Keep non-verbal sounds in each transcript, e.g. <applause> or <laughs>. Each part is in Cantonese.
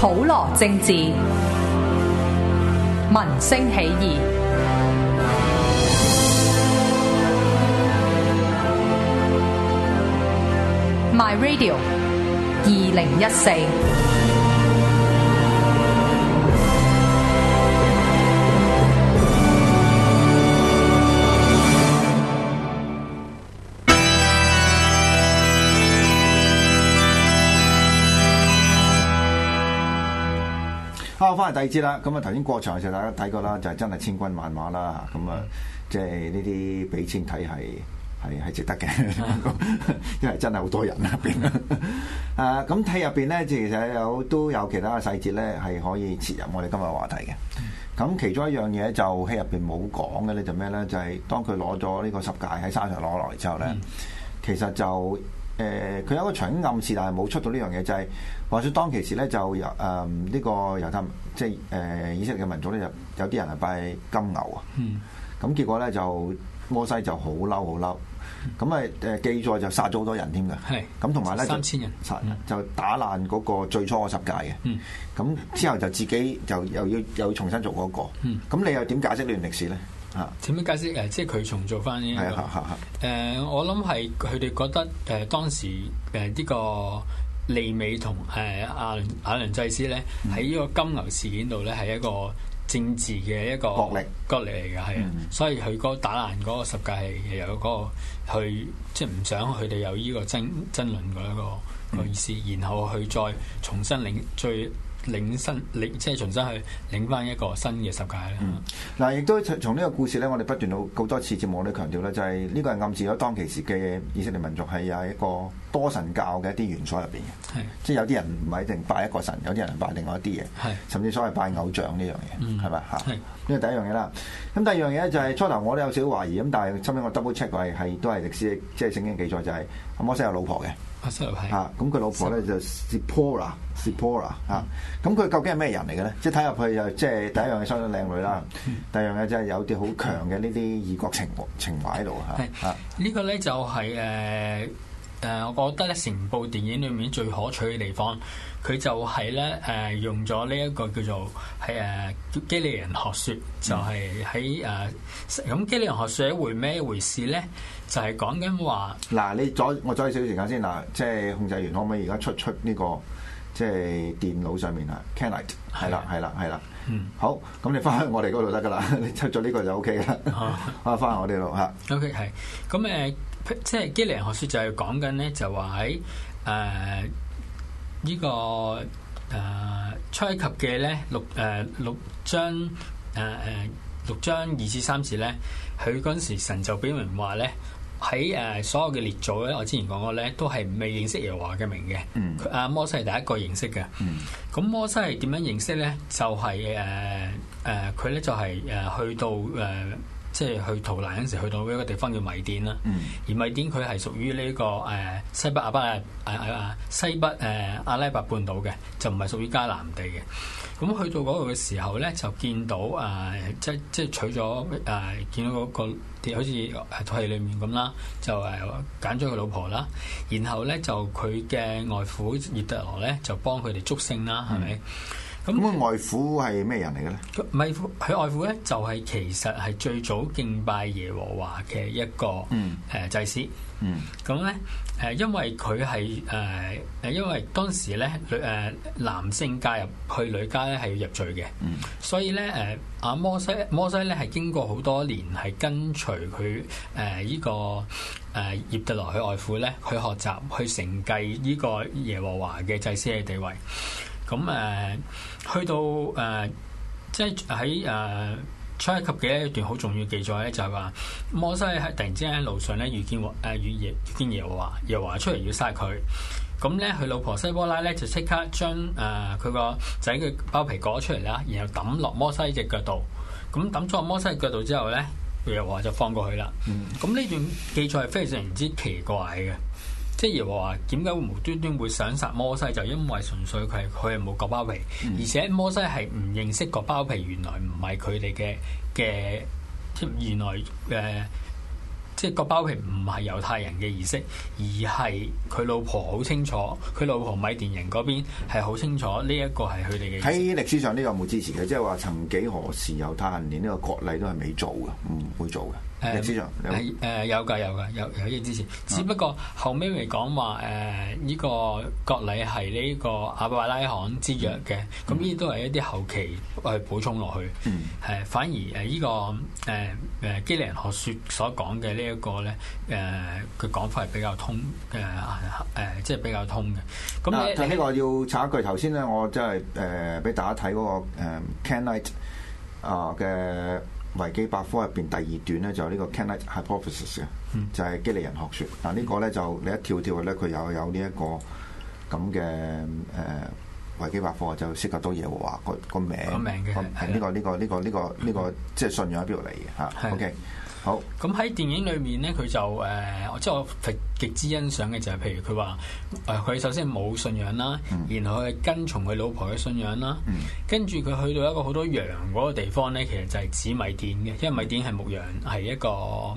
普羅政治，民聲起義。My Radio，二零一四。第二節啦，咁啊頭先過場嘅時候大家睇過啦，嗯、就係真係千軍萬馬啦，咁、嗯、啊，即係呢啲俾錢睇係係係值得嘅，嗯、 <laughs> 因為真係好多人入邊 <laughs> 啊。咁睇入邊咧，其實都有都有其他嘅細節咧，係可以切入我哋今日話題嘅。咁、嗯、其中一樣嘢就喺入邊冇講嘅咧，就咩咧？就係當佢攞咗呢個十戒喺山上攞落嚟之後咧，嗯、其實就。誒佢、呃、有一個長遠暗示，但係冇出到呢樣嘢，就係、是、話說當其時咧，就由誒呢個猶太，即係誒、呃、以色列嘅民族咧，就有啲人係拜金牛啊，咁、嗯、結果咧就摩西就好嬲好嬲，咁咪誒記載就殺咗好多人添㗎，咁同埋咧三千人、就殺人，嗯、就打爛嗰個最初個十戒嘅，咁、嗯嗯、之後就自己就又要又要重新做嗰、那個，咁、嗯嗯、你又點解釋呢段歷史咧？點樣解釋？誒，即係佢重做返呢個誒，我諗係佢哋覺得誒當時誒呢個利美同誒、呃、阿倫阿倫祭司咧，喺呢、嗯、個金牛事件度咧，係一個政治嘅一個角力角力嚟嘅，係啊，嗯、所以佢個打爛嗰個十誡、那個，係有嗰個去即係唔想佢哋有呢個爭爭論嗰一個個意思，嗯、然後佢再重新另最。領新領，即係重新去領翻一個新嘅世界咧。嗯，嗱、啊，亦都從呢個故事咧，我哋不斷好好多次節目我都強調咧，就係、是、呢個係暗示咗當其時嘅以色列民族係有一個多神教嘅一啲元素入邊嘅。係是，即係有啲人唔係一定拜一個神，有啲人拜另外一啲嘢。係是，甚至所謂拜偶像呢樣嘢，係咪？吓。係，呢個第一樣嘢啦。咁第二樣嘢咧就係、是、初頭我都有少少懷疑，咁但係後屘我 double check 過係都係歷史，即係聖經記載就係摩西有老婆嘅。啊！咁佢老婆咧就 Sipora，Sipora 啊！咁佢究竟係咩人嚟嘅咧？即係睇入去又即係第一樣嘢相當靚女啦，嗯、第二樣嘢就係有啲好強嘅呢啲異國情、嗯、情懷喺度吓。啊這個、呢個咧就係、是、誒。呃誒，我覺得咧，成部電影裏面最可取嘅地方，佢就係咧，誒、呃，用咗呢一個叫做係誒基利人學説，就係喺誒咁基利人學説一回咩回事咧？就係講緊話嗱，你阻我阻少少時間先嗱，即係控制員可唔可以而家出出呢、呢個即係電腦上面、Can、啊 c a n l i g h 係啦，係啦、啊，係啦，嗯，好，咁你翻去我哋嗰度得噶啦，你出咗呢個就 O K 啦，啊，翻我哋度嚇，O K 係咁誒。即係《基尼人學説》就係講緊咧，就話喺誒呢個誒出埃及記嘅咧六誒、呃、六章誒誒、呃、六章二至三節咧，佢嗰陣時神就表明話咧，喺誒所有嘅列祖咧，我之前講過咧，都係未認識耶和華嘅名嘅。嗯。阿摩西係第一個認識嘅。嗯。咁摩西係點樣認識咧？就係誒誒，佢、呃、咧、呃、就係、是、誒、呃、去到誒。呃即係去逃難嗰陣時，去到一個地方叫米甸啦。嗯、而米甸佢係屬於呢、這個誒、呃、西北阿拉伯誒、啊、西北誒、呃、阿拉伯半島嘅，就唔係屬於迦南地嘅。咁去到嗰度嘅時候咧，就見到誒、呃、即即係取咗誒、呃、見到嗰、那個好似喺套戲裡面咁啦，就誒揀咗佢老婆啦。然後咧就佢嘅外父葉德羅咧就幫佢哋祝聖啦係咪？嗯。咁外父係咩人嚟嘅咧？外父佢外父咧，就係其實係最早敬拜耶和華嘅一個誒祭司。咁咧誒，嗯、因為佢係誒誒，因為當時咧誒男性介入去女家咧係要入罪嘅。嗯、所以咧誒，阿摩西摩西咧係經過好多年係跟隨佢誒呢個誒葉特羅去外父咧，去學習去承繼呢個耶和華嘅祭司嘅地位。咁誒、嗯，去到誒、呃，即係喺誒出埃及記嘅一段好重要記載咧，就係、是、話摩西喺突然之間喺路上咧遇見誒遇見耶和華，耶和華出嚟要殺佢。咁、嗯、咧，佢、嗯、老婆西波拉咧就即刻將誒佢個仔嘅包皮割出嚟啦，然後抌落摩西隻腳度。咁抌咗喺摩西嘅腳度之後咧，耶和華就放過佢啦。嗯，咁呢段記載係非常之奇怪嘅。即係又話點解會無端端會想殺摩西？就因為純粹佢係佢係冇割包皮，而且摩西係唔認識個包皮，原來唔係佢哋嘅嘅，原來誒、呃，即係個包皮唔係猶太人嘅儀式，而係佢老婆好清楚，佢老婆米甸人嗰邊係好清楚呢一個係佢哋嘅。喺歷史上呢個冇支持嘅，即係話曾幾何時猶太人連呢個割禮都係未做嘅，唔、嗯、會做嘅。嗯、有知有㗎有㗎有有依啲支持，只不過後尾咪講話誒呢個國禮係呢個阿伯拉，拉罕之約嘅，咁呢啲都係一啲後期去補充落去。嗯，反而誒、這、呢個誒誒、呃、基尼人學説所講嘅呢一個咧誒，佢、呃、講法係比較通誒誒、呃呃，即係比較通嘅。咁呢個要查一句，頭先咧我即係誒俾大家睇嗰個 Kenite 啊嘅。呃維基百科入邊第二段咧就呢個 Kenite hypothesis 嘅，就係基、嗯、利人學説。嗱呢個咧就你一跳跳咧，佢有有呢、這、一個咁嘅誒維基百科就涉及到嘢喎。個個名，名那這個名嘅，呢的、這個呢、這個呢、這個呢、這個呢個的即係信仰喺邊度嚟嘅嚇。的 o、okay, K，好。咁喺電影裏面咧，佢就我、呃、即係我。極之欣賞嘅就係、是，譬如佢話：誒、呃，佢首先冇信仰啦，嗯、然後佢跟從佢老婆嘅信仰啦，嗯、跟住佢去到一個好多羊嗰個地方咧，其實就係指米甸嘅，因為米甸係牧羊，係一個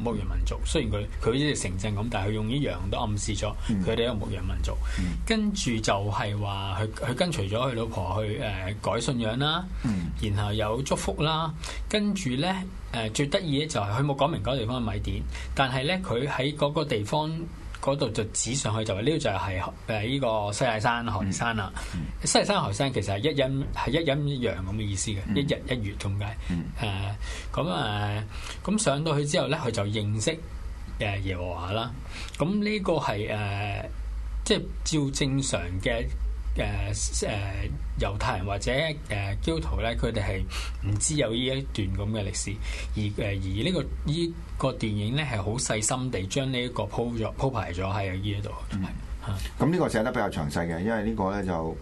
牧羊民族。雖然佢佢好似城鎮咁，但係佢用啲羊都暗示咗佢哋係牧羊民族。嗯、跟住就係話佢佢跟隨咗佢老婆去誒、呃、改信仰啦，然後有祝福啦，跟住咧誒最得意咧就係佢冇講明嗰地方係米甸，但係咧佢喺嗰個地方。嗰度就指上去就係呢個就係係誒呢個西大山、寒山啦。嗯嗯、西大山、寒山其實係一陰係一陰一陽咁嘅意思嘅，嗯、一日一月咁解，誒咁誒咁上到去之後咧，佢就認識誒耶和華啦。咁呢個係誒即係照正常嘅誒誒猶太人或者誒基督徒咧，佢哋係唔知有呢一段咁嘅歷史，而誒而呢、呢個依個電影咧係好細心地將呢一個鋪咗鋪排咗喺呢度，係、嗯。咁呢、嗯、個寫得比較詳細嘅，因為個呢個咧就誒、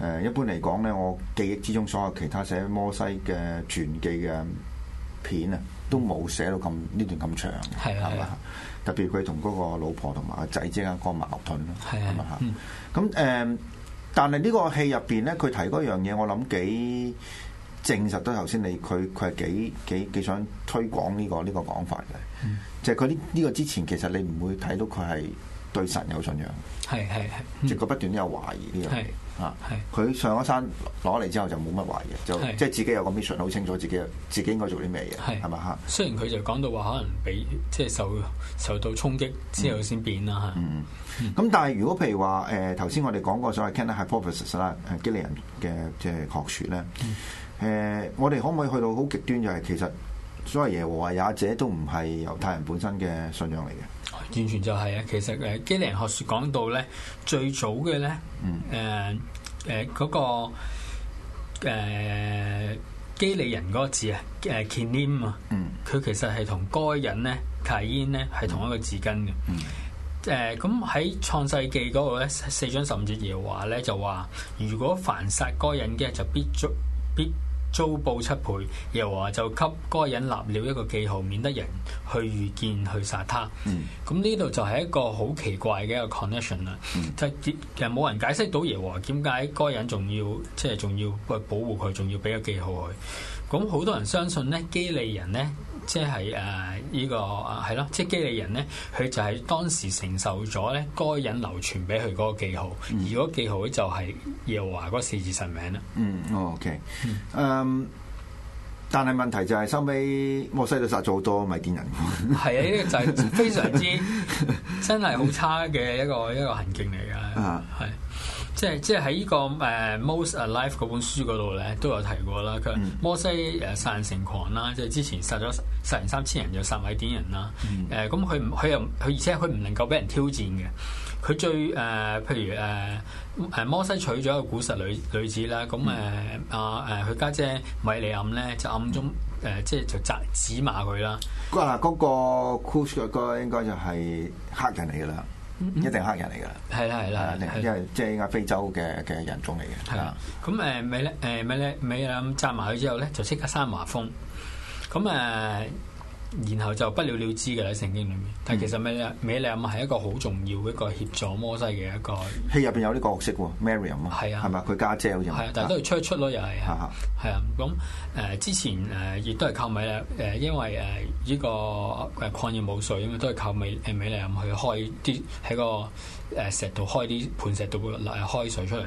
呃，一般嚟講咧，我記憶之中所有其他寫摩西嘅傳記嘅片啊，都冇寫到咁呢、嗯、段咁長，係啊，特別佢同嗰個老婆同埋阿仔之間個矛盾咯，係啊，咁誒、嗯嗯嗯，但係呢個戲入邊咧，佢提嗰樣嘢，我諗幾。證實到頭先你佢佢係幾幾幾想推廣呢個呢個講法嘅，就係佢呢呢個之前其實你唔會睇到佢係對神有信仰，係係係，直覺不斷都有懷疑呢樣嘢啊。係佢上一山攞嚟之後就冇乜懷疑，就即係自己有個 mission 好清楚，自己自己應該做啲咩嘢係係咪嚇？雖然佢就講到話可能俾即係受受到衝擊之後先變啦嚇。咁但係如果譬如話誒頭先我哋講過所謂 can have purposes 啦，誒基利人嘅即係學説咧。誒、呃，我哋可唔可以去到好極端？就係其實所謂耶和華也者都唔係猶太人本身嘅信仰嚟嘅，完全就係、是、啊！其實誒基利人學説講到咧，最早嘅咧，誒誒嗰個、呃、基利人嗰個字啊，誒 kinim 啊，佢、嗯、其實係同該隱咧 kain 咧係同一個字根嘅。誒咁喺創世記嗰度咧四章十五節嘅話咧，就話如果凡殺該隱嘅就必遭必。必必遭報七倍，耶和華就給該隱立了一個記號，免得人去遇見去殺他。咁呢度就係一個好奇怪嘅一個 connection 啦，就、嗯、其實冇人解釋到耶和華點解該隱仲要即係仲要保護佢，仲要俾個記號佢。咁好多人相信咧，基利人咧。即係誒呢個係咯，即係基利人咧，佢就係當時承受咗咧該人流傳俾佢嗰個記號，而嗰記號就係耶和華嗰四字神名咧。嗯，o k 嗯，哦 okay. um, 但係問題就係收尾摩西就殺咗好多米甸人。係 <laughs> 啊，呢個就係、是、非常之真係好差嘅一個一個行徑嚟嘅，係。即係即係喺依個 Moses a Life 嗰本書嗰度咧都有提過啦，佢話摩西誒殺人成狂啦，即係之前殺咗殺人三千人就殺米甸人啦，誒咁佢佢又佢而且佢唔能夠俾人挑戰嘅，佢最誒，呃，譬如誒誒，呃，摩西娶咗一個古實女女子啦，咁誒阿誒佢家姐米利暗咧就暗中誒，呃，即係就責指罵佢啦。嗱嗰，嗯，個 Kush 嘅歌應該就係黑人嚟噶啦。一定係黑人嚟噶，係啦係啦，因為即係亞非洲嘅嘅人種嚟嘅。係啦，咁誒美咧誒美咧美啦，咁摘埋去之後咧就即刻生麻風。咁誒。呃然後就不了了之嘅啦，喺聖經裏面。但其實美美利暗係、嗯、一個好重要一個協助摩西嘅一個戲入邊有呢個角色喎、哦、Mariam 啊，係咪？佢家姐好似係啊，但係都係出一出咯，又係係啊。咁誒之前誒亦都係靠美誒、呃，因為誒呢、呃這個誒曠野冇水啊嘛，都係靠美誒美利暗去開啲喺、這個。誒石度開啲盤石度嘅開水出嚟，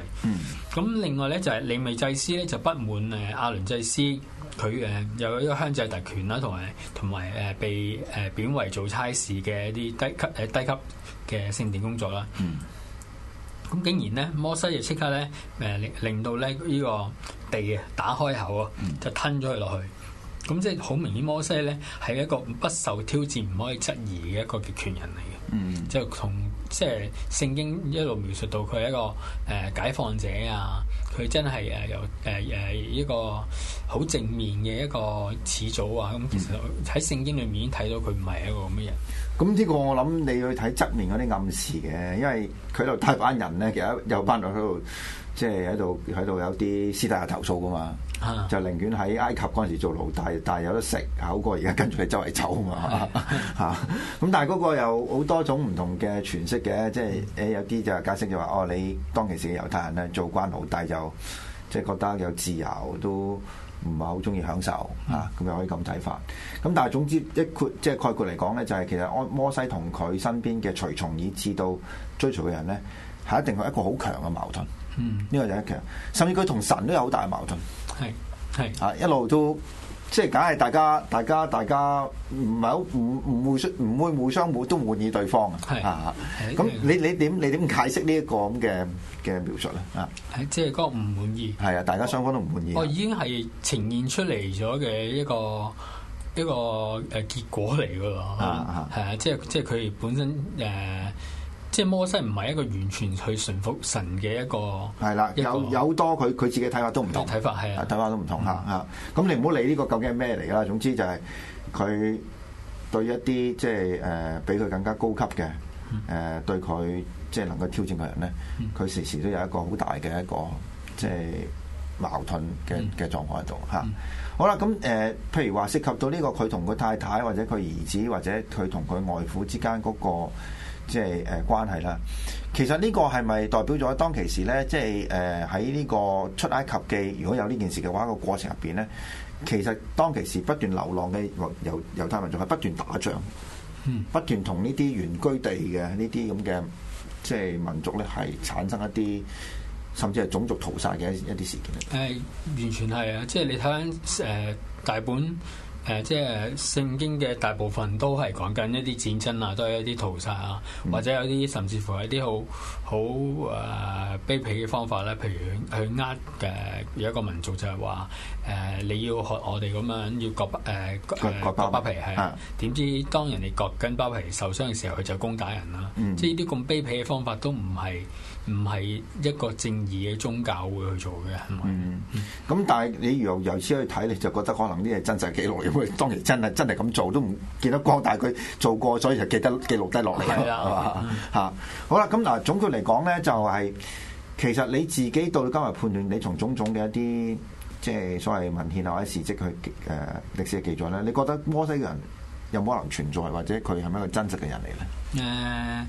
咁、嗯、另外咧就係利未祭司咧就不滿誒亞倫祭司佢誒有一個獻祭特權啦，同埋同埋誒被誒貶為做差事嘅一啲低級誒低級嘅聖殿工作啦。咁、嗯、竟然咧摩西就即刻咧誒令令到咧呢個地啊打開口啊，就吞咗佢落去。咁即係好明顯摩西咧係一個不受挑戰，唔可以質疑嘅一個權人嚟嘅。嗯， <noise> 就同即係聖經一路描述到佢係一個誒、呃、解放者啊，佢真係誒由誒誒一個好正面嘅一個始祖啊，咁、嗯嗯、其實喺聖經裏面已經睇到佢唔係一個咁嘅人。咁呢個我諗你要睇側面嗰啲暗示嘅，因為佢度帶班人咧，其實有班人喺度，即係喺度喺度有啲私底下投訴噶嘛，啊、就寧願喺埃及嗰陣時做奴隸，但係有得食，好過而家跟住佢周圍走嘛啊嘛嚇。咁、啊、但係嗰個有好多種唔同嘅詮釋嘅，即係誒有啲就解釋就話，哦你當其時嘅猶太人咧做關奴隸就即係覺得有自由都。唔係好中意享受嚇，咁又、啊啊、可以咁睇法。咁但係總之，一括即係概括嚟講咧，就係、是、其實安摩西同佢身邊嘅隨從，以至到追隨嘅人咧，係一定係一個好強嘅矛盾。嗯，呢個就係其實，甚至佢同神都有好大嘅矛盾。係係嚇，一路都。即係梗係大家，大家，大家唔係好，唔唔互相互，唔會互相滿都滿意對方係啊！啊，咁你你點你點解釋呢一個咁嘅嘅描述咧？啊，係即係嗰個唔滿意，係啊，大家雙方都唔滿意我。我已經係呈現出嚟咗嘅一個一個誒結果嚟㗎啦。啊、係啊、啊，即係即係佢本身誒。即係摩西唔係一個完全去順服神嘅一個係啦的一個，有有多佢佢自己睇法都唔同睇法係、嗯、啊，睇法都唔同吓啊。咁你唔好理呢個究竟係咩嚟㗎啦。總之就係佢對一啲即係誒比佢更加高級嘅誒、呃、對佢即係能夠挑戰嘅人咧，佢、嗯、時時都有一個好大嘅一個即係矛盾嘅嘅狀態喺度吓。好啦，咁誒、呃，譬如話涉及到呢、這個佢同佢太太，太或者佢兒子或者佢同佢外父之間嗰、那個。即係誒關係啦。其實呢個係咪代表咗當其時咧？即係誒喺呢個出埃及記如果有呢件事嘅話，個過程入邊咧，其實當其時不斷流浪嘅猶猶太民族係不斷打仗，嗯、不斷同呢啲原居地嘅呢啲咁嘅即係民族咧，係產生一啲甚至係種族屠殺嘅一啲事件咧。誒，完全係啊！即係你睇翻誒大本。誒、啊，即係聖經嘅大部分都係講緊一啲戰爭啊，都係一啲屠殺啊，嗯、或者有啲甚至乎係一啲好好誒卑鄙嘅方法咧。譬如去呃誒有一個民族就係話誒你要學我哋咁樣要割誒、呃、割，割包皮，係點包、啊、知當人哋割緊包皮受傷嘅時候，佢就攻打人啦、啊。嗯嗯、即係呢啲咁卑鄙嘅方法都唔係。唔係一個正義嘅宗教會去做嘅，係咪？咁、嗯、但係你由由此去睇，你就覺得可能啲嘢真實記錄，如果當其真係真係咁做，都唔見得光，但係佢做過，所以就記得記錄低落嚟，係啊，係嘛？嚇，好啦，咁嗱總括嚟講咧，就係其實你自己到今日判斷，你從種種嘅一啲即係所謂文獻啊或者事迹去誒歷史嘅記載咧，你覺得摩西人有冇可能存在，或者佢係咪一個真實嘅人嚟咧？誒、呃。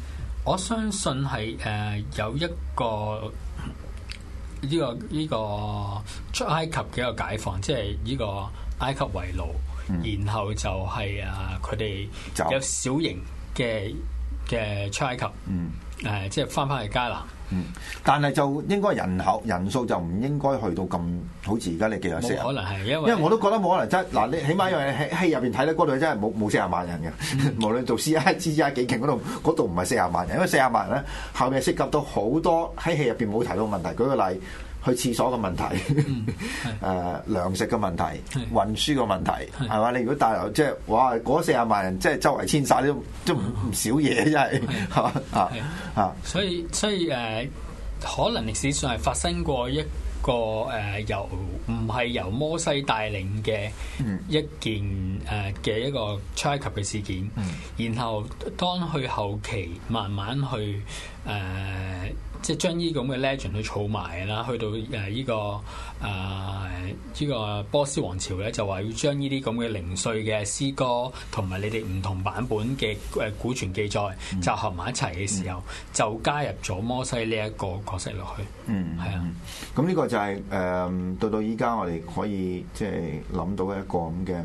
我相信係誒、呃、有一個呢、這個呢、這個出埃及嘅一個解放，即係呢個埃及為奴，嗯、然後就係啊佢哋有小型嘅嘅出埃及。嗯嗯係，即係翻翻去迦南。嗯，但係就應該人口人數就唔應該去到咁，好似而家你幾廿四人。冇可能係，因為因為我都覺得冇可能真嗱、嗯，你起碼因為喺喺入邊睇咧，嗰度真係冇冇四十萬人嘅。嗯、無論做 C I、G I 幾勁，嗰度嗰度唔係四十萬人，因為四十萬人咧，後面涉及到好多喺戲入邊冇提到問題。舉個例。去廁所嘅問題，誒、嗯呃、糧食嘅問題，的運輸嘅問題，係嘛的？你如果帶嚟，即、就、係、是、哇，嗰四十萬人，即係周圍遷徙，都都唔少嘢，真係係嘛啊啊！所以所以誒、呃，可能歷史上係發生過一個誒、呃、由唔係由摩西帶領嘅一件誒嘅、嗯呃、一個埃及嘅事件，嗯、然後，然後當佢後期慢慢去誒。呃呃即係將呢啲咁嘅 legend 去儲埋啦，去到誒、這、依個誒依、呃這個波斯王朝咧，就話要將呢啲咁嘅零碎嘅詩歌同埋你哋唔同版本嘅誒古傳記載集合埋一齊嘅時候，嗯、就加入咗摩西呢一個角色落去嗯。嗯，係、嗯、啊。咁呢個就係、是、誒、呃、到到依家我哋可以即係諗到一個咁嘅。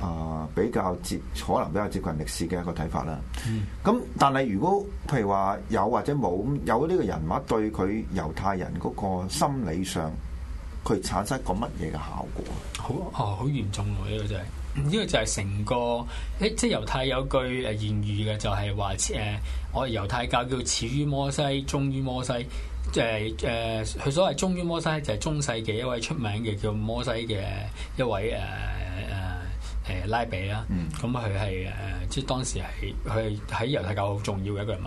啊、呃，比較接可能比較接近歷史嘅一個睇法啦。咁、嗯、但係如果譬如話有或者冇有呢個人物對佢猶太人嗰個心理上，佢產生過乜嘢嘅效果？好、哦、啊，好嚴重喎！呢個就係、是、呢、這個就係成個誒，即係猶太有句誒諺語嘅，就係話誒，我哋猶太教叫始於摩西，終於摩西。誒、呃、誒，佢、呃、所謂終於摩西就係、是、中世紀一位出名嘅叫摩西嘅一位誒。呃呃誒拉比啦，咁佢係誒，即當時係佢喺猶太教好重要嘅一個人物。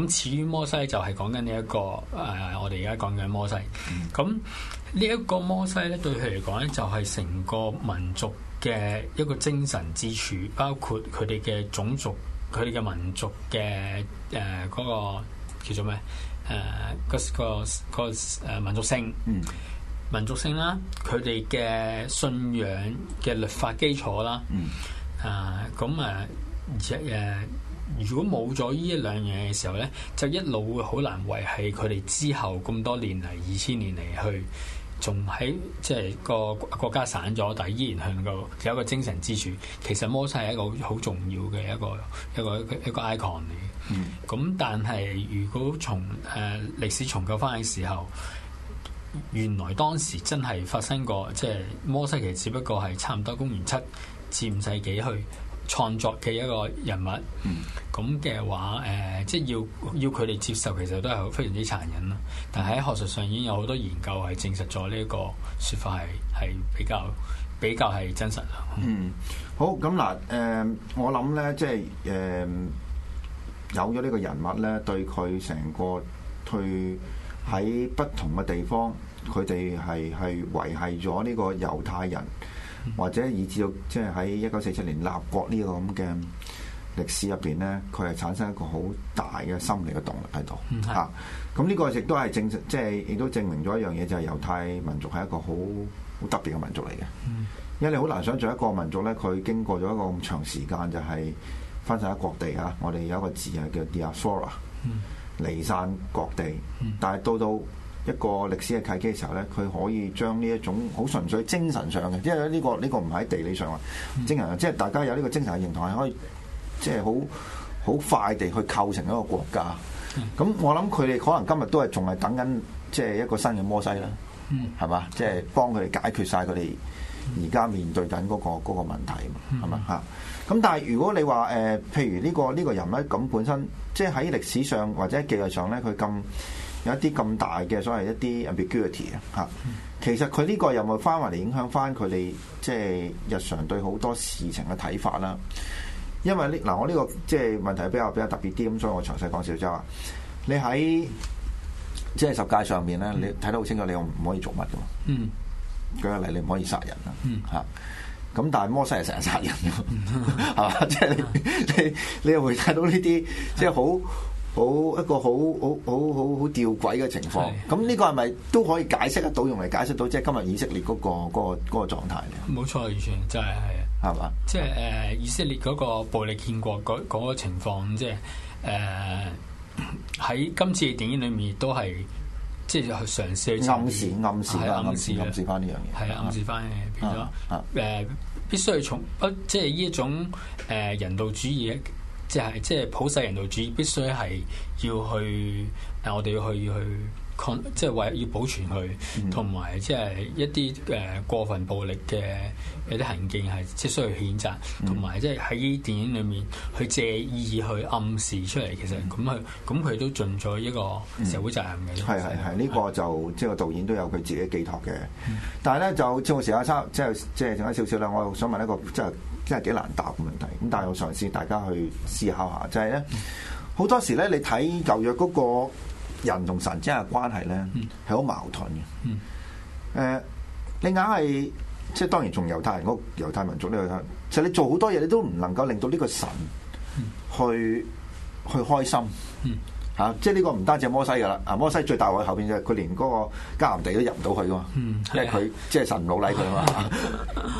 咁始於摩西就係講緊呢一個誒、呃，我哋而家講緊摩西。咁呢一個摩西咧，對佢嚟講咧，就係成個民族嘅一個精神支柱，包括佢哋嘅種族、佢哋嘅民族嘅誒嗰個叫做咩誒嗰個、嗰個嗰個民族性。嗯民族性啦，佢哋嘅信仰嘅律法基礎啦，啊咁、嗯、啊，而且誒如果冇咗呢一兩樣嘢嘅時候咧，就一路會好難維繫佢哋之後咁多年嚟二千年嚟去，仲喺即係個國家散咗，但係依然向個有一個精神支柱。其實摩西係一個好重要嘅一個一個一個 icon 嚟嘅。咁、嗯、但係如果從誒、啊、歷史重構翻嘅時候，原來當時真係發生過，即係摩西其實只不過係差唔多公元七至五世紀去創作嘅一個人物，咁嘅話，嗯，誒，即係要要佢哋接受，其實都係非常之殘忍咯。但係喺學術上已經有好多研究係證實咗呢個説法係係比較比較係真實啦。嗯，好，咁嗱誒，我諗咧，即係誒有咗呢個人物咧，對佢成個退。喺不同嘅地方，佢哋係係維係咗呢個猶太人，嗯、或者以至到即係喺一九四七年立國呢個咁嘅歷史入邊咧，佢係產生一個好大嘅心理嘅動力喺度嚇。咁呢個亦都係證實，即係亦都證明咗一樣嘢，就係、是、猶太民族係一個好好特別嘅民族嚟嘅。嗯、因為你好難想象一個民族咧，佢經過咗一個咁長時間，就係分散喺各地嚇。我哋有一個字係叫 Diaspora 離散各地，但係到到一個歷史嘅契機嘅時候咧，佢可以將呢一種好純粹精神上嘅，因為呢個呢個唔喺地理上啊，精神上，嗯、即係大家有呢個精神嘅認同係可以，即係好好快地去構成一個國家。咁、嗯、我諗佢哋可能今日都係仲係等緊，即係一個新嘅摩西啦，係嘛、嗯？即係、就是、幫佢哋解決晒佢哋而家面對緊嗰個嗰個問題，係嘛嚇？吧咁但係如果你話誒、呃，譬如呢、這個呢、這個人咧，咁本身即係喺歷史上或者技術上咧，佢咁有一啲咁大嘅所謂一啲 ambiguity 啊嚇，其實佢呢個有冇翻嚟影響翻佢哋即係日常對好多事情嘅睇法啦？因為呢嗱、啊，我呢、這個即係問題比較比較特別啲咁，所以我詳細講少少啊。你喺即係十誡上面咧，嗯、你睇得好清楚，你唔可以做乜嘅嘛。嗯，舉個例，你唔可以殺人啊。嗯，嗯咁但係摩西係成日殺人㗎，嘛 <laughs> <laughs> 你？即係 <laughs> 你你你又會睇到呢啲即係好好一個好好好好好吊詭嘅情況。咁呢 <laughs> 個係咪都可以解釋得到，用嚟解釋到即係今日以色列嗰、個嗰、個嗰、個狀態咧？冇錯，完全真係係啊，嘛吧？即係誒以色列嗰個暴力建國嗰、個嗰個情況，即係誒喺今次嘅電影裏面都係。即係去嘗試去暗示暗示暗示暗示翻呢樣嘢，係啊，暗示翻嘅，變咗誒必須去從不、呃、即係呢一種誒、呃、人道主義，即係即係普世人道主義，必須係要去，但、呃、我哋要去要去。即係為要保存佢，同埋即係一啲誒過分暴力嘅一啲行徑係即需要譴責，同埋即係喺電影裏面去借意去暗示出嚟，其實咁佢咁佢都盡咗一個社會責任嘅。係係係，呢個就即係導演都有佢自己寄託嘅。嗯、但係咧，就好似我時刻差，即係即係仲有少少啦。我想問一個即係即係幾難答嘅問題。咁但係我嘗試大家去思考下，就係咧，好多時咧，你睇舊約嗰個。人同神之間嘅關係咧，係好矛盾嘅。誒，你硬係即係當然，從猶太人嗰猶太民族呢睇，其實你做好多嘢，你都唔能夠令到呢個神去去開心。嚇，即係呢個唔單止摩西㗎啦。啊，摩西最大位後邊就係佢連嗰個迦南地都入唔到去㗎嘛。即係佢即係神唔老禮佢啊嘛。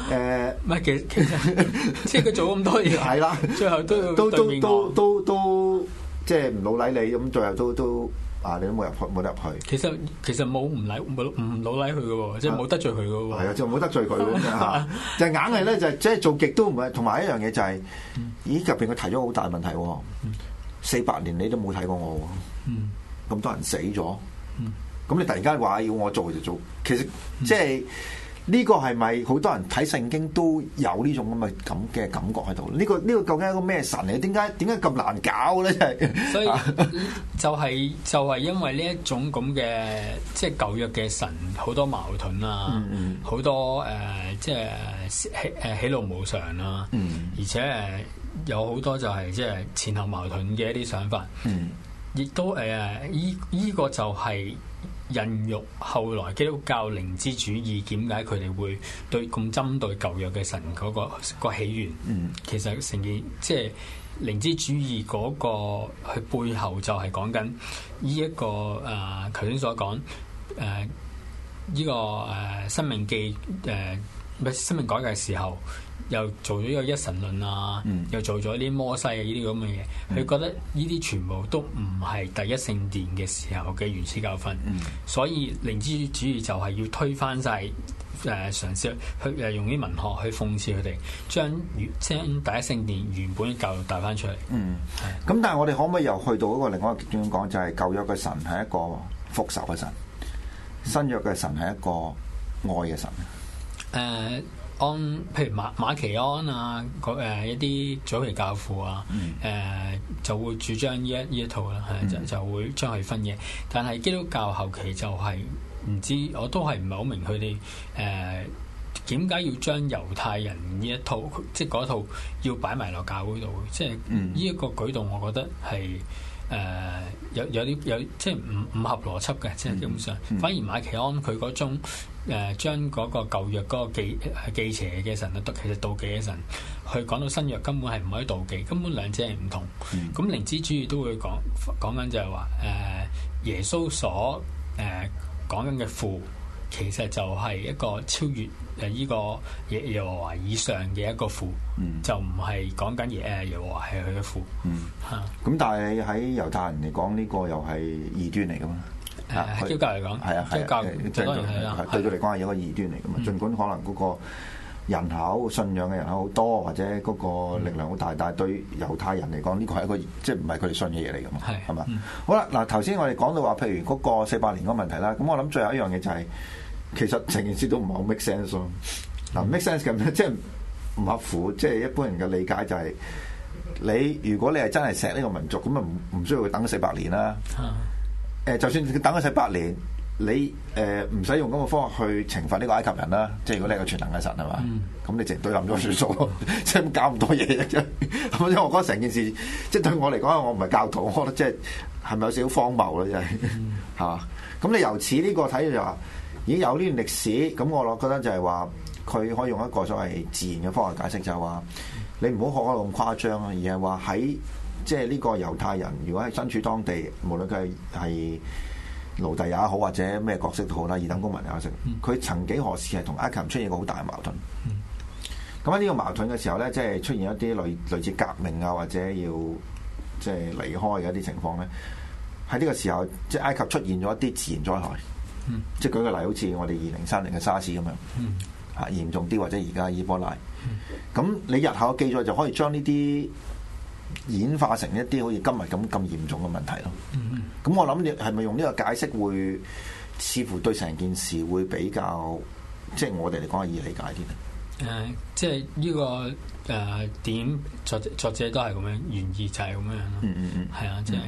誒，唔係其其實即係佢做咁多嘢，係啦，最後都都都都都都即係唔老禮你咁，最後都都。啊！你都冇入去，冇得入去其。其實其實冇唔禮，唔老禮佢嘅喎，即係冇得罪佢嘅喎。啊， <laughs> 就冇得罪佢啫嚇。就硬係咧，就即係做極都唔係。同埋一樣嘢就係、是，咦？入邊佢提咗好大問題喎。四百年你都冇睇過我喎。咁、嗯、多人死咗。咁、嗯、你突然間話要我做就做，其實即、就、係、是。嗯呢個係咪好多人睇聖經都有呢種咁嘅感嘅感覺喺度？呢、這個呢、這個究竟係一個咩神嚟？點解點解咁難搞咧？係，所以就係、是、 <laughs> 就係、是就是、因為呢一種咁嘅即係舊約嘅神好多矛盾啊、好、嗯嗯、多誒即係喜誒喜怒無常啦、啊、嗯、而且有好多就係即係前後矛盾嘅一啲想法、亦、嗯、都誒依依個就係、是。孕育後來基督教靈知主義，點解佢哋會對咁針對舊約嘅神嗰個起源？嗯、其實成件即係靈知主義嗰個，佢背後就係講緊呢一個誒，頭、呃、先所講誒呢、呃這個誒、呃、生命記誒唔、呃、生命改革嘅時候。又做咗呢個一神論啊，嗯、又做咗啲摩西啊呢啲咁嘅嘢，佢覺得呢啲全部都唔係第一聖殿嘅時候嘅原始教訓，嗯、所以靈知主義就係要推翻晒誒、呃，嘗試去用啲文學去諷刺佢哋，將將第一聖殿原本嘅教育帶翻出嚟。嗯，咁係、嗯、但係我哋可唔可以又去到一個另外一個極端講，就係、係、舊約嘅神係一個復仇嘅神，新約嘅神係一個愛嘅神。誒、嗯。呃安，譬如馬馬其安啊，嗰、呃、一啲早期教父啊，誒、嗯呃、就會主張呢一呢一套啦，就、嗯、就會將佢分野。但係基督教後期，就係唔知，我都係唔係好明佢哋誒，點解要將猶太人呢一套，即係嗰套要擺埋落教會度，即係呢一個舉動，我覺得係。嗯嗯誒、呃、有有啲有即係唔唔合邏輯嘅，即係基本上，嗯、反而馬其安佢嗰種誒、呃、將嗰個舊約嗰個忌邪嘅神啊，都其實妒忌嘅神，佢講到新約根本係唔可以妒忌，根本兩者係唔同。咁、嗯、靈知主義都會講講緊就係話誒耶穌所誒講緊嘅父。其實就係一個超越誒呢個耶耶和華以上嘅一個父，就唔係講緊耶誒耶和華係佢嘅父。嚇！咁但係喺猶太人嚟講，呢個又係異端嚟㗎嘛。誒，基督教嚟講係啊係啊，對佢嚟講係一個異端嚟㗎嘛。儘管可能嗰個人口信仰嘅人口好多，或者嗰個力量好大，但係對猶太人嚟講，呢個係一個即係唔係佢哋信嘅嘢嚟㗎嘛，係嘛？好啦，嗱，頭先我哋講到話，譬如嗰個四百年嗰個問題啦，咁我諗最後一樣嘢就係，其實成件事都唔係好 make sense 咯。嗱，make sense 咁咧，即係唔合乎，即係一般人嘅理解就係，你如果你係真係錫呢個民族，咁啊唔唔需要佢等四百年啦。誒，就算佢等咗四百年。你誒唔使用咁嘅方法去懲罰呢個埃及人啦，即係如果你係個全能嘅神係嘛，咁、嗯、你直對諗咗算數咯，即係、嗯、 <laughs> 搞唔到嘢嘅啫。咁因為我覺得成件事，即係對我嚟講，我唔係教徒，我覺得即係係咪有少少荒謬咧？真係嚇。咁你由此呢個睇就話，已經有呢段歷史，咁我我覺得就係話，佢可以用一個所謂自然嘅方法解釋就係話，你唔好學到咁誇張啊，而係話喺即係呢個猶太人，如果喺身處當地，無論佢係。奴隸也好，或者咩角色都好啦，二等公民也好，佢、嗯、曾幾何時係同埃及出現過好大嘅矛盾。咁喺呢個矛盾嘅時候呢，即、就、係、是、出現一啲類類似革命啊，或者要即係離開嘅一啲情況呢。喺呢個時候，即係埃及出現咗一啲自然災害，嗯、即係舉個例，好似我哋二零三零嘅沙士咁樣，嚇、嗯啊、嚴重啲或者而家伊波拉。咁、嗯嗯、你日後嘅記載就可以將呢啲。演化成一啲好似今日咁咁嚴重嘅問題咯。咁、嗯、我諗你係咪用呢個解釋會似乎對成件事會比較，即係我哋嚟講可以理解啲咧？誒、呃，即係呢、呢個誒點作作者都係咁樣，原意就係咁樣咯、嗯。嗯嗯嗯，係啊，即係誒、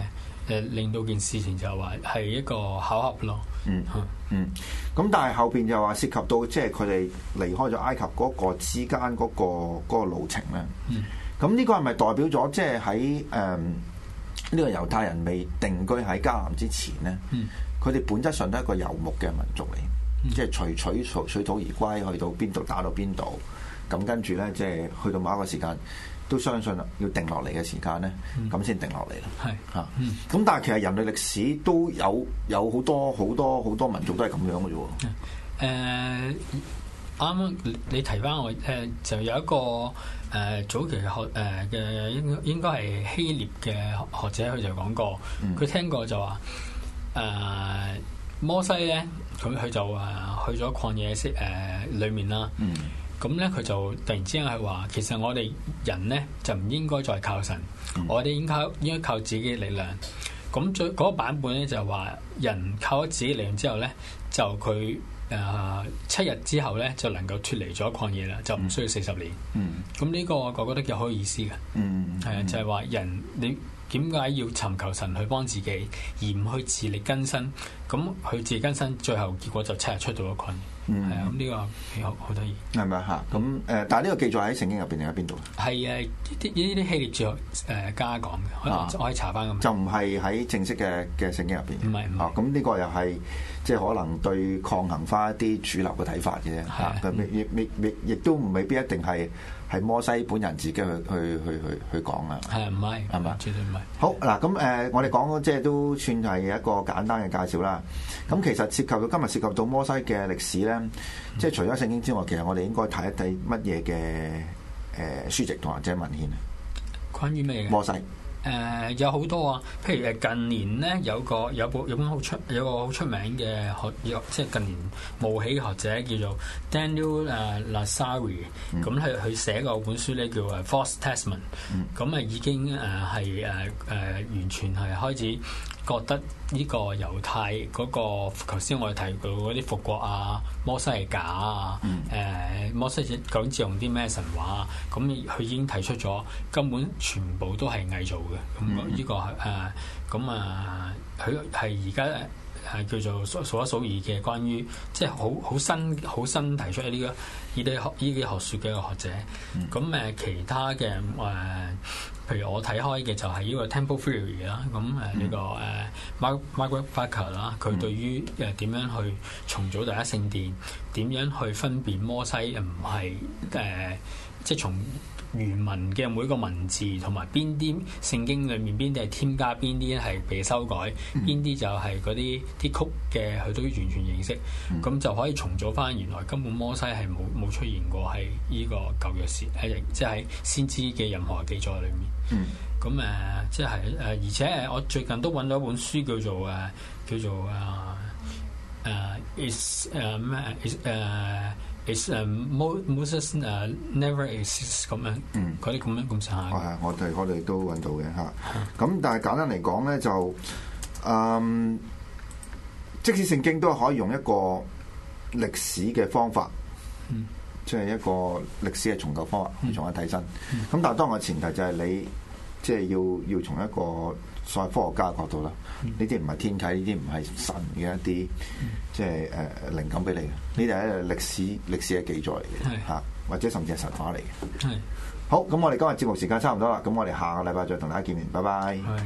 嗯、令到件事情就係話係一個巧合咯。嗯，嗯，咁係、嗯嗯、但係後邊就話涉及到即係佢哋離開咗埃及嗰個之間嗰、嗰個嗰個嗰個路程咧。嗯。嗯咁呢個係咪代表咗，即係喺誒呢個猶太人未定居喺迦南之前咧？佢哋、嗯、本質上都係一個遊牧嘅民族嚟，嗯、即係隨隨隨水土而歸，去到邊度打到邊度，咁跟住咧，即、就、係、是、去到某一個時間都相信啦，要定落嚟嘅時間咧，咁先、嗯、定落嚟啦。係嚇，咁、嗯啊、但係其實人類歷史都有有好多好多好多民族都係咁樣嘅啫喎。啱啱你提返我誒，就、嗯嗯嗯嗯嗯嗯、有一個。誒、呃、早期學誒嘅應應該係希臘嘅學者，佢就講過，佢、嗯、聽過就話誒、呃、摩西咧，咁佢就誒去咗曠野誒裏、呃、面啦。咁咧佢就突然之間係話，其實我哋人咧就唔應該再靠神，嗯、我哋應該應該靠自己嘅力量。咁最嗰、那個版本咧就話，人靠咗自己力量之後咧，就佢。誒、呃、七日之後咧，就能夠脱離咗曠野啦，就唔需要四十年。嗯，咁呢、嗯、個我覺得幾有意思嘅、嗯。嗯，係啊、呃，就係、是、話人、嗯、你。點解要尋求神去幫自己，而唔去自力更生？咁佢自力更生，最後結果就七日出咗個困，係啊！咁呢個好得意。係咪啊？咁誒，但係呢個記載喺聖經入邊定喺邊度？係啊，呢啲呢啲係列著誒加講嘅，可以查翻咁。就唔係喺正式嘅嘅聖經入邊嘅。唔係。咁呢個又係即係可能對抗衡翻一啲主流嘅睇法嘅啫。係。亦亦亦亦都唔未必一定係。係摩西本人自己去去去去去講啊，係唔係？係嘛？吧絕對唔係。好嗱，咁誒、呃，我哋講即係都算係一個簡單嘅介紹啦。咁、嗯、其實涉及到今日涉及到摩西嘅歷史咧，即、就、係、是、除咗聖經之外，其實我哋應該睇一睇乜嘢嘅誒書籍同或者文獻啊。關於咩嘅？摩西。誒有好多啊，譬如誒近年咧有個有本有本好出有個好出名嘅學，即係近年冒起嘅學者叫做 Daniel 誒 Lasari，咁佢佢寫嗰本書咧叫做《False Testament》，咁啊、嗯、已經誒係誒誒完全係開始。覺得呢個猶太嗰、那個，頭先我哋提到嗰啲復國啊，摩西係假啊，誒、嗯、摩西講究竟用啲咩神話啊，咁佢已經提出咗，根本全部都係偽造嘅。咁呢、這個係誒，咁、嗯、啊，佢係而家係叫做數一數二嘅關於，即係好好新好新提出呢、這個呢啲學呢啲學術嘅一個學者。咁誒、嗯啊，其他嘅誒。啊譬如我睇開嘅就係呢個 Temple Theory 啦、嗯，咁誒呢個誒 Margaret Barker 啦，佢、嗯、對於誒點樣去重組第一聖殿，點樣去分辨摩西唔係誒，即係、呃就是、從。原文嘅每個文字同埋邊啲聖經裡面邊啲係添加，邊啲係被修改，邊啲、嗯、就係嗰啲啲曲嘅，佢都完全認識，咁、嗯、就可以重組返原來根本摩西係冇冇出現過喺呢個舊約時喺即係先知嘅任何記載裏面。咁誒、嗯，即係誒，而且誒，我最近都揾到一本書叫做誒，叫做誒誒 is 誒。誒誒，Moses never exist 咁樣，嗯，嗰啲咁樣咁曬，我哋我哋都揾到嘅嚇。咁但係簡單嚟講咧，就誒，即使聖經都係可以用一個歷史嘅方法，即係一個歷史嘅重構方法重新睇真。咁但係當然嘅前提就係你，即係要要從一個。所謂科學家角度啦，呢啲唔係天啟，呢啲唔係神嘅一啲，即係誒靈感俾你嘅。呢啲係歷史歷史嘅記載嚟嘅，嚇是或者甚至係神話嚟嘅。係是好，咁我哋今日節目時間差唔多啦，咁我哋下個禮拜再同大家見面，拜拜。係。